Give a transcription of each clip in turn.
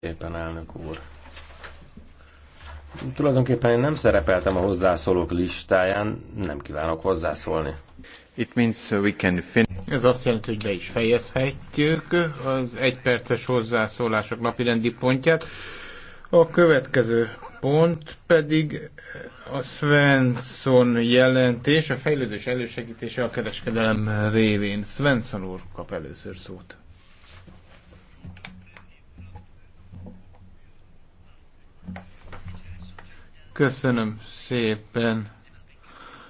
Éppen elnök úr. Tulajdonképpen én nem szerepeltem a hozzászólók listáján, nem kívánok hozzászólni. It means we can finish. Ez azt jelenti, hogy be is fejezhetjük az egyperces hozzászólások napirendi pontját. A következő pont pedig a Svensson jelentés, a fejlődés elősegítése a kereskedelem révén. Svensson úr kap először szót. Köszönöm szépen.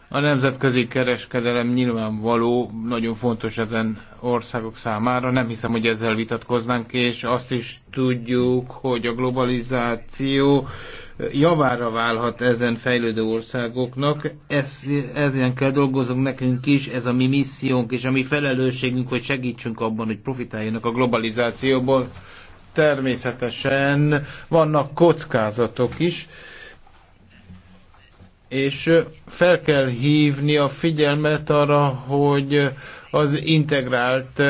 A nemzetközi kereskedelem nyilvánvaló, nagyon fontos ezen országok számára. Nem hiszem, hogy ezzel vitatkoznánk, és azt is tudjuk, hogy a globalizáció javára válhat ezen fejlődő országoknak. Ez, ezen kell dolgozunk nekünk is, ez a mi missziónk és a mi felelősségünk, hogy segítsünk abban, hogy profitáljanak a globalizációból. Természetesen vannak kockázatok is és fel kell hívni a figyelmet arra, hogy az integrált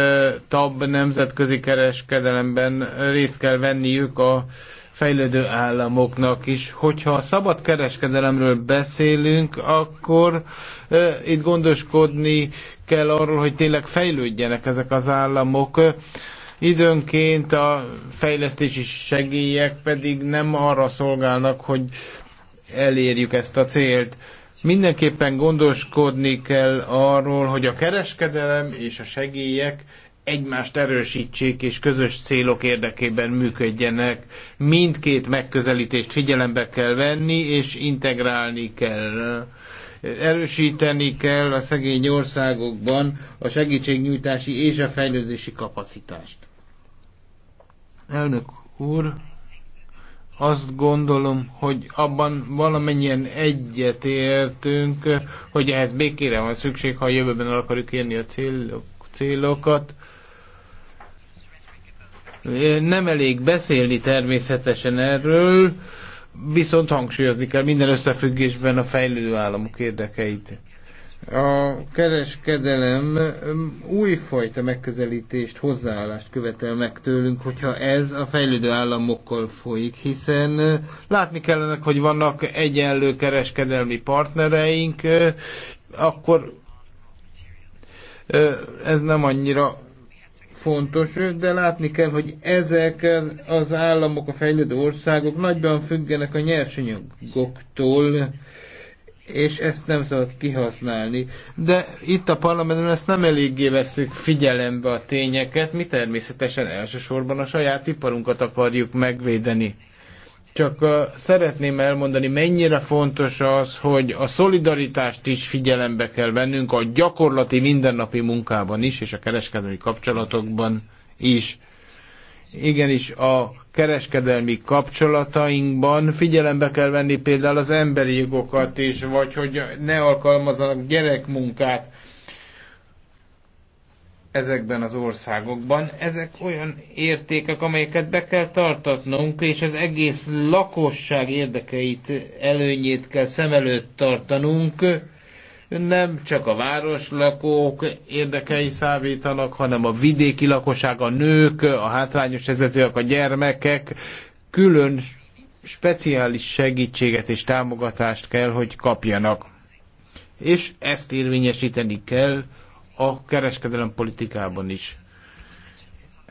TAB nemzetközi kereskedelemben részt kell venniük a fejlődő államoknak is. Hogyha a szabad kereskedelemről beszélünk, akkor e, itt gondoskodni kell arról, hogy tényleg fejlődjenek ezek az államok. Időnként a fejlesztési segélyek pedig nem arra szolgálnak, hogy elérjük ezt a célt. Mindenképpen gondoskodni kell arról, hogy a kereskedelem és a segélyek egymást erősítsék és közös célok érdekében működjenek. Mindkét megközelítést figyelembe kell venni és integrálni kell. Erősíteni kell a szegény országokban a segítségnyújtási és a fejlődési kapacitást. Elnök úr, azt gondolom, hogy abban valamennyien egyetértünk, hogy ehhez békére van szükség, ha a jövőben el akarjuk érni a célok, célokat. Nem elég beszélni természetesen erről, viszont hangsúlyozni kell minden összefüggésben a fejlődő államok érdekeit. A kereskedelem újfajta megközelítést, hozzáállást követel meg tőlünk, hogyha ez a fejlődő államokkal folyik, hiszen látni kellene, hogy vannak egyenlő kereskedelmi partnereink, akkor ez nem annyira fontos, de látni kell, hogy ezek az államok, a fejlődő országok nagyban függenek a nyersanyagoktól, és ezt nem szabad kihasználni. De itt a parlamentben ezt nem eléggé veszük figyelembe a tényeket, mi természetesen elsősorban a saját iparunkat akarjuk megvédeni. Csak uh, szeretném elmondani, mennyire fontos az, hogy a szolidaritást is figyelembe kell vennünk a gyakorlati mindennapi munkában is, és a kereskedelmi kapcsolatokban is igenis a kereskedelmi kapcsolatainkban figyelembe kell venni például az emberi jogokat is, vagy hogy ne alkalmazzanak gyerekmunkát ezekben az országokban. Ezek olyan értékek, amelyeket be kell tartatnunk, és az egész lakosság érdekeit, előnyét kell szem előtt tartanunk nem csak a városlakók érdekei számítanak, hanem a vidéki lakosság, a nők, a hátrányos vezetőek, a gyermekek külön speciális segítséget és támogatást kell, hogy kapjanak. És ezt érvényesíteni kell a kereskedelem politikában is.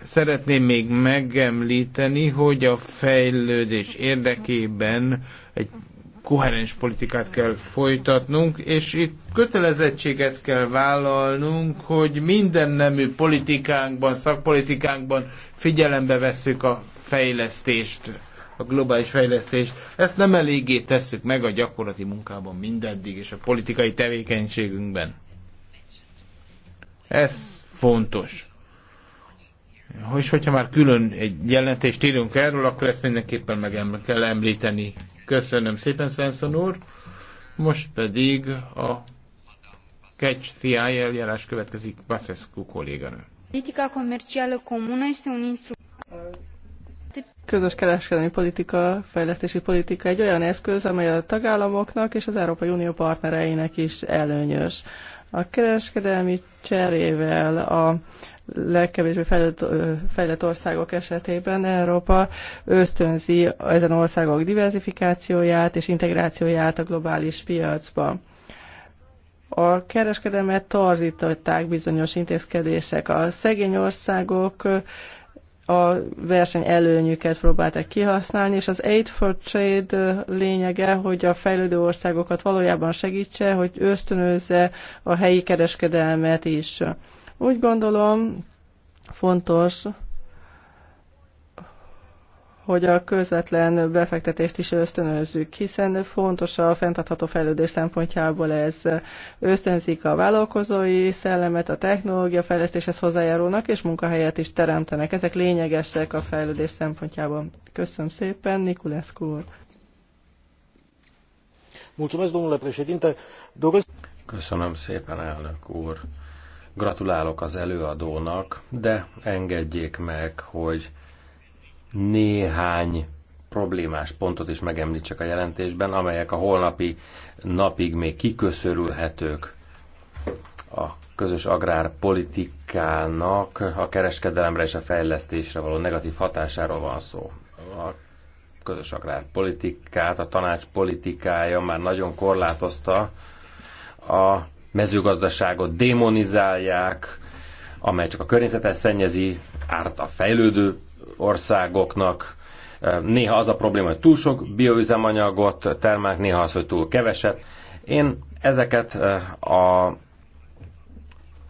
Szeretném még megemlíteni, hogy a fejlődés érdekében egy koherens politikát kell folytatnunk, és itt kötelezettséget kell vállalnunk, hogy minden nemű politikánkban, szakpolitikánkban figyelembe vesszük a fejlesztést, a globális fejlesztést. Ezt nem eléggé tesszük meg a gyakorlati munkában mindeddig, és a politikai tevékenységünkben. Ez fontos. És hogyha már külön egy jelentést írunk erről, akkor ezt mindenképpen meg kell említeni. Köszönöm szépen, Svensson úr. Most pedig a Catch the Eye eljárás következik Basescu kolléganő. Politika comercială comună este un instrument közös kereskedelmi politika, fejlesztési politika egy olyan eszköz, amely a tagállamoknak és az Európai Unió partnereinek is előnyös. A kereskedelmi cserével a legkevésbé fejlett, fejlett országok esetében Európa ösztönzi ezen országok diversifikációját és integrációját a globális piacba. A kereskedelmet torzították bizonyos intézkedések. A szegény országok a verseny előnyüket próbálták kihasználni, és az Aid for Trade lényege, hogy a fejlődő országokat valójában segítse, hogy ösztönözze a helyi kereskedelmet is. Úgy gondolom, fontos, hogy a közvetlen befektetést is ösztönözzük, hiszen fontos a fenntartható fejlődés szempontjából ez ösztönzik a vállalkozói szellemet, a technológia fejlesztéshez hozzájárulnak, és munkahelyet is teremtenek. Ezek lényegesek a fejlődés szempontjából. Köszönöm szépen, Nikulescu úr. Köszönöm szépen, elnök úr. Gratulálok az előadónak, de engedjék meg, hogy néhány problémás pontot is megemlítsek a jelentésben, amelyek a holnapi napig még kiköszörülhetők a közös agrárpolitikának a kereskedelemre és a fejlesztésre való negatív hatásáról van szó. A közös agrárpolitikát, a tanács politikája már nagyon korlátozta, a mezőgazdaságot démonizálják, amely csak a környezetet szennyezi, árt a fejlődő országoknak néha az a probléma, hogy túl sok bioüzemanyagot termelnek, néha az, hogy túl keveset. Én ezeket eh, a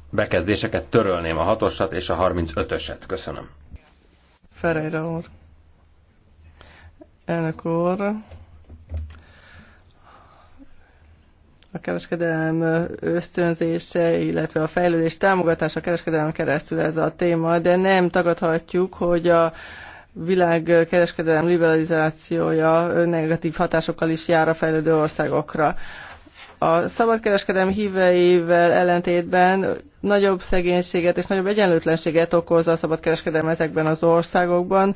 bekezdéseket törölném, a hatosat és a 35-öset. Köszönöm. Ferreira úr. Elnök úr, a kereskedelem ösztönzése, illetve a fejlődés támogatása a kereskedelem keresztül ez a téma, de nem tagadhatjuk, hogy a világ kereskedelem liberalizációja negatív hatásokkal is jár a fejlődő országokra. A szabadkereskedelem híveivel ellentétben nagyobb szegénységet és nagyobb egyenlőtlenséget okoz a szabadkereskedelem ezekben az országokban.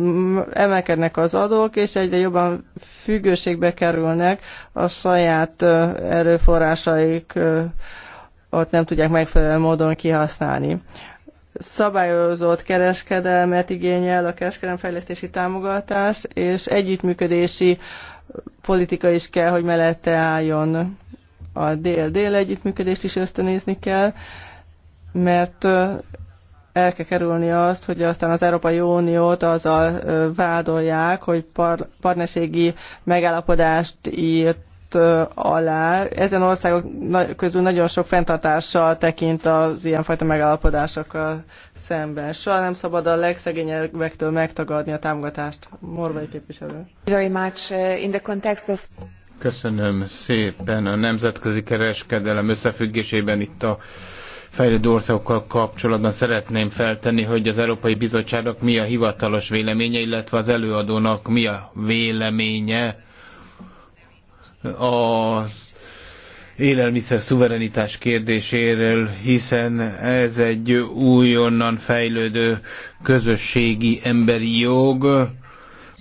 Mm, emelkednek az adók, és egyre jobban függőségbe kerülnek a saját erőforrásaik ott nem tudják megfelelő módon kihasználni. Szabályozott kereskedelmet igényel a kereskedelemfejlesztési támogatás, és együttműködési politika is kell, hogy mellette álljon a dél-dél együttműködést is ösztönézni kell, mert el kell kerülni azt, hogy aztán az Európai Uniót azzal vádolják, hogy par- partnerségi megállapodást írt alá. Ezen országok közül nagyon sok fenntartással tekint az ilyenfajta megállapodásokkal szemben. Soha nem szabad a legszegényebbektől megtagadni a támogatást. Morvai képviselő. Very much uh, in the context of... Köszönöm szépen. A nemzetközi kereskedelem összefüggésében itt a fejlődő országokkal kapcsolatban szeretném feltenni, hogy az Európai Bizottságnak mi a hivatalos véleménye, illetve az előadónak mi a véleménye az élelmiszer szuverenitás kérdéséről, hiszen ez egy újonnan fejlődő közösségi emberi jog,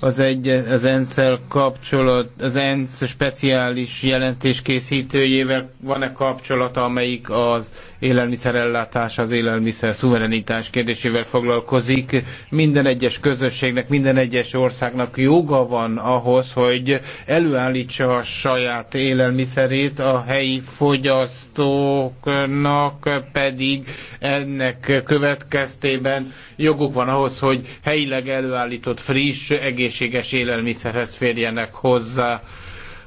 az, egy, az ensz kapcsolat, az ENSZ speciális jelentés készítőjével van-e kapcsolata, amelyik az élelmiszerellátás, az élelmiszer szuverenitás kérdésével foglalkozik. Minden egyes közösségnek, minden egyes országnak joga van ahhoz, hogy előállítsa a saját élelmiszerét, a helyi fogyasztóknak pedig ennek következtében joguk van ahhoz, hogy helyileg előállított friss, egész egészséges élelmiszerhez férjenek hozzá,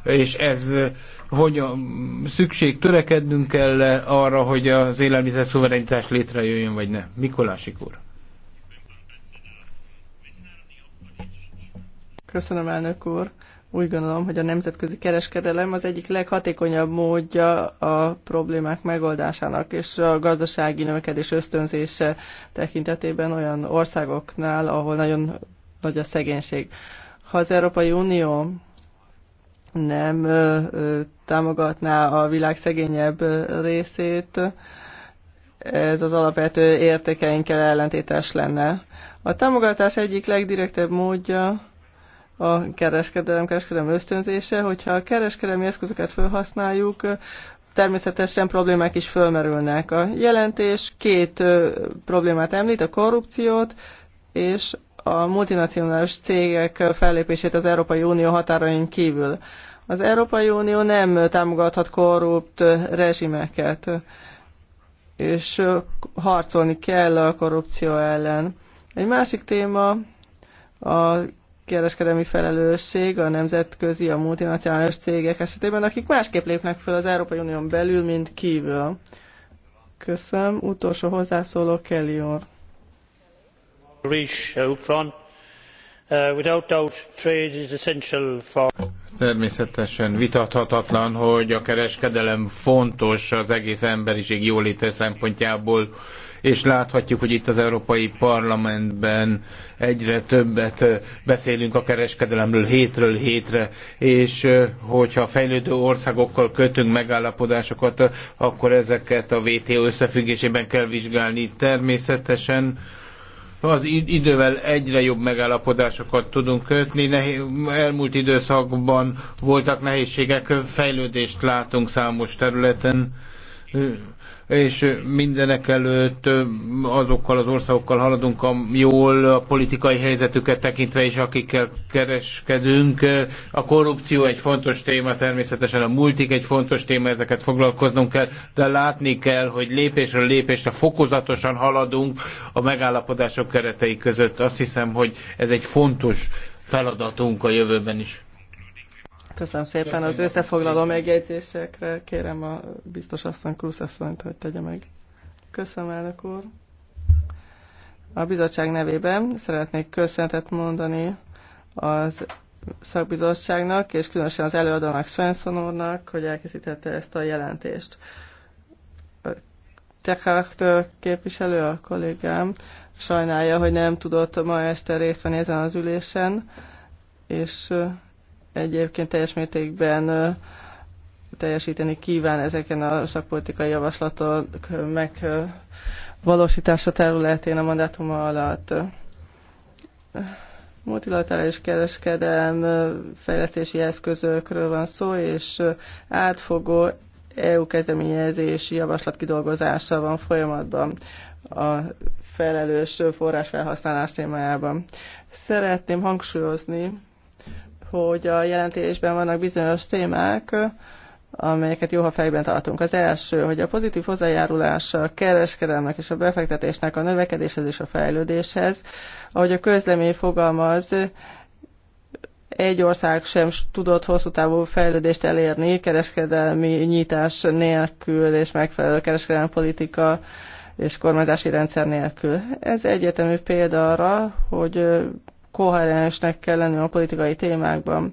és ez hogy a szükség törekednünk kell -e arra, hogy az élelmiszer szuverenitás létrejöjjön, vagy ne. Mikolásik úr. Köszönöm, elnök úr. Úgy gondolom, hogy a nemzetközi kereskedelem az egyik leghatékonyabb módja a problémák megoldásának és a gazdasági növekedés ösztönzése tekintetében olyan országoknál, ahol nagyon nagy a szegénység. Ha az Európai Unió nem ö, ö, támogatná a világ szegényebb részét, ez az alapvető értékeinkkel ellentétes lenne. A támogatás egyik legdirektebb módja a kereskedelem, kereskedelem ösztönzése, hogyha a kereskedelmi eszközöket felhasználjuk, természetesen problémák is fölmerülnek. A jelentés két problémát említ, a korrupciót és a multinacionális cégek fellépését az Európai Unió határain kívül. Az Európai Unió nem támogathat korrupt rezsimeket, és harcolni kell a korrupció ellen. Egy másik téma a kereskedelmi felelősség a nemzetközi, a multinacionális cégek esetében, akik másképp lépnek fel az Európai Unión belül, mint kívül. Köszönöm. Utolsó hozzászóló Kelly úr. Uh, természetesen vitathatatlan hogy a kereskedelem fontos az egész emberiség jóléte szempontjából és láthatjuk hogy itt az európai parlamentben egyre többet uh, beszélünk a kereskedelemről hétről hétre és uh, hogyha fejlődő országokkal kötünk megállapodásokat akkor ezeket a WTO összefüggésében kell vizsgálni természetesen az idővel egyre jobb megállapodásokat tudunk kötni. Elmúlt időszakban voltak nehézségek, fejlődést látunk számos területen és mindenek előtt azokkal az országokkal haladunk a jól a politikai helyzetüket tekintve is, akikkel kereskedünk. A korrupció egy fontos téma, természetesen a multik egy fontos téma, ezeket foglalkoznunk kell, de látni kell, hogy lépésről lépésre fokozatosan haladunk a megállapodások keretei között. Azt hiszem, hogy ez egy fontos feladatunk a jövőben is. Köszönöm szépen az összefoglaló megjegyzésekre. Kérem a biztos asszony, Krusz asszonyt, hogy tegye meg. Köszönöm, elnök úr. A bizottság nevében szeretnék köszönetet mondani az szakbizottságnak, és különösen az előadónak, Svensson úrnak, hogy elkészítette ezt a jelentést. Tekart képviselő, a kollégám, sajnálja, hogy nem tudott ma este részt venni ezen az ülésen, és egyébként teljes mértékben teljesíteni kíván ezeken a szakpolitikai javaslatok megvalósítása területén a mandátuma alatt. Multilaterális kereskedelm fejlesztési eszközökről van szó, és átfogó EU kezdeményezési javaslat kidolgozása van folyamatban a felelős forrásfelhasználás témájában. Szeretném hangsúlyozni, hogy a jelentésben vannak bizonyos témák, amelyeket jó, ha fejben tartunk. Az első, hogy a pozitív hozzájárulás a kereskedelmek és a befektetésnek a növekedéshez és a fejlődéshez, ahogy a közlemény fogalmaz, egy ország sem tudott hosszú távú fejlődést elérni kereskedelmi nyitás nélkül és megfelelő kereskedelmi politika és kormányzási rendszer nélkül. Ez egyetemű példa arra, hogy koherensnek kell lenni a politikai témákban.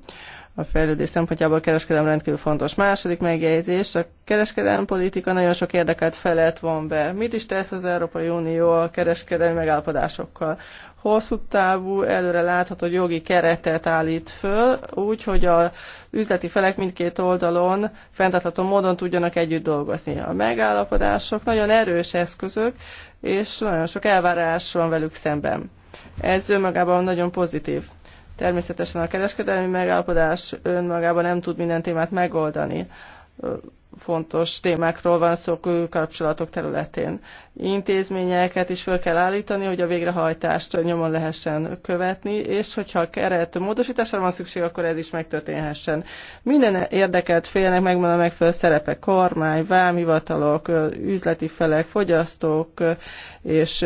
A fejlődés szempontjából a kereskedelem rendkívül fontos. Második megjegyzés, a kereskedelmi politika nagyon sok érdeket felett van be. Mit is tesz az Európai Unió a kereskedelmi megállapodásokkal? hosszú távú, előre látható jogi keretet állít föl, úgy, hogy az üzleti felek mindkét oldalon fenntartható módon tudjanak együtt dolgozni. A megállapodások nagyon erős eszközök, és nagyon sok elvárás van velük szemben. Ez önmagában nagyon pozitív. Természetesen a kereskedelmi megállapodás önmagában nem tud minden témát megoldani. Fontos témákról van szó kapcsolatok területén. Intézményeket is föl kell állítani, hogy a végrehajtást nyomon lehessen követni, és hogyha a keret módosításra van szükség, akkor ez is megtörténhessen. Minden érdekelt félnek megvan a megfelelő szerepe, kormány, vámhivatalok, üzleti felek, fogyasztók és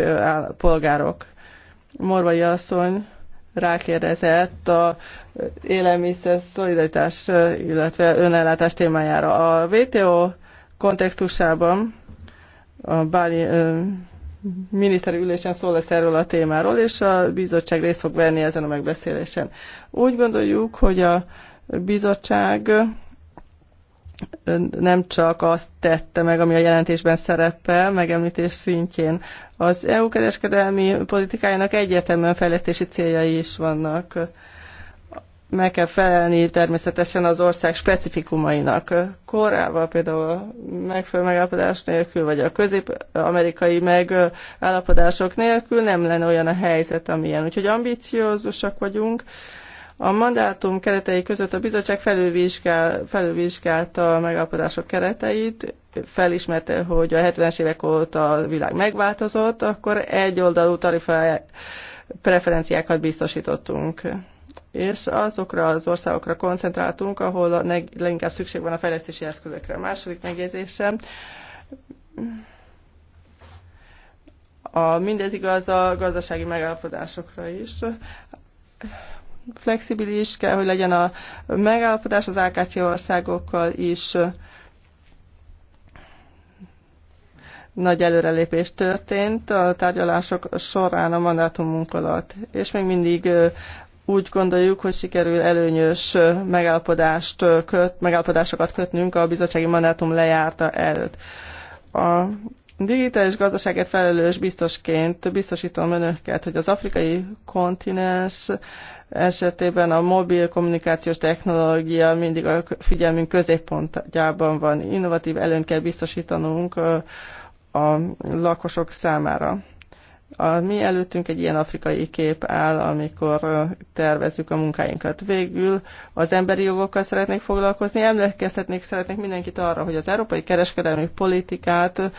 polgárok Morvai asszony rákérdezett a élelmiszer szolidaritás, illetve önellátás témájára. A WTO kontextusában a Báli miniszteri ülésen szól lesz erről a témáról, és a bizottság részt fog venni ezen a megbeszélésen. Úgy gondoljuk, hogy a bizottság nem csak azt tette meg, ami a jelentésben szerepel, megemlítés szintjén. Az EU kereskedelmi politikájának egyértelműen fejlesztési céljai is vannak. Meg kell felelni természetesen az ország specifikumainak. Korával például megfelelő megállapodás nélkül, vagy a közép-amerikai megállapodások nélkül nem lenne olyan a helyzet, amilyen. Úgyhogy ambiciózusak vagyunk, a mandátum keretei között a bizottság felülvizsgál, felülvizsgálta a megállapodások kereteit, felismerte, hogy a 70-es évek óta a világ megváltozott, akkor egyoldalú tarifa preferenciákat biztosítottunk és azokra az országokra koncentráltunk, ahol a neg- leginkább szükség van a fejlesztési eszközökre. A második megjegyzésem, a, mindez igaz a gazdasági megállapodásokra is flexibilis kell, hogy legyen a megállapodás az AKC országokkal is. Nagy előrelépés történt a tárgyalások során a mandátumunk alatt, és még mindig úgy gondoljuk, hogy sikerül előnyös megállapodást köt, megállapodásokat kötnünk a bizottsági mandátum lejárta előtt. A digitális gazdaságért felelős biztosként biztosítom önöket, hogy az afrikai kontinens esetében a mobil kommunikációs technológia mindig a figyelmünk középpontjában van. Innovatív előnyt kell biztosítanunk a lakosok számára. A mi előttünk egy ilyen afrikai kép áll, amikor tervezzük a munkáinkat. Végül az emberi jogokkal szeretnék foglalkozni, emlékeztetnék szeretnék mindenkit arra, hogy az európai kereskedelmi politikát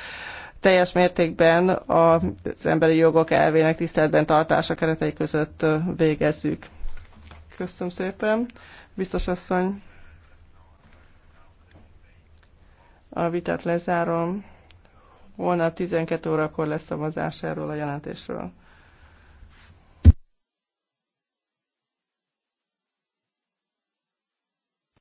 teljes mértékben az emberi jogok elvének tiszteletben tartása keretei között végezzük. Köszönöm szépen. Biztos asszony, a vitát lezárom. Holnap 12 órakor lesz szavazás erről a jelentésről.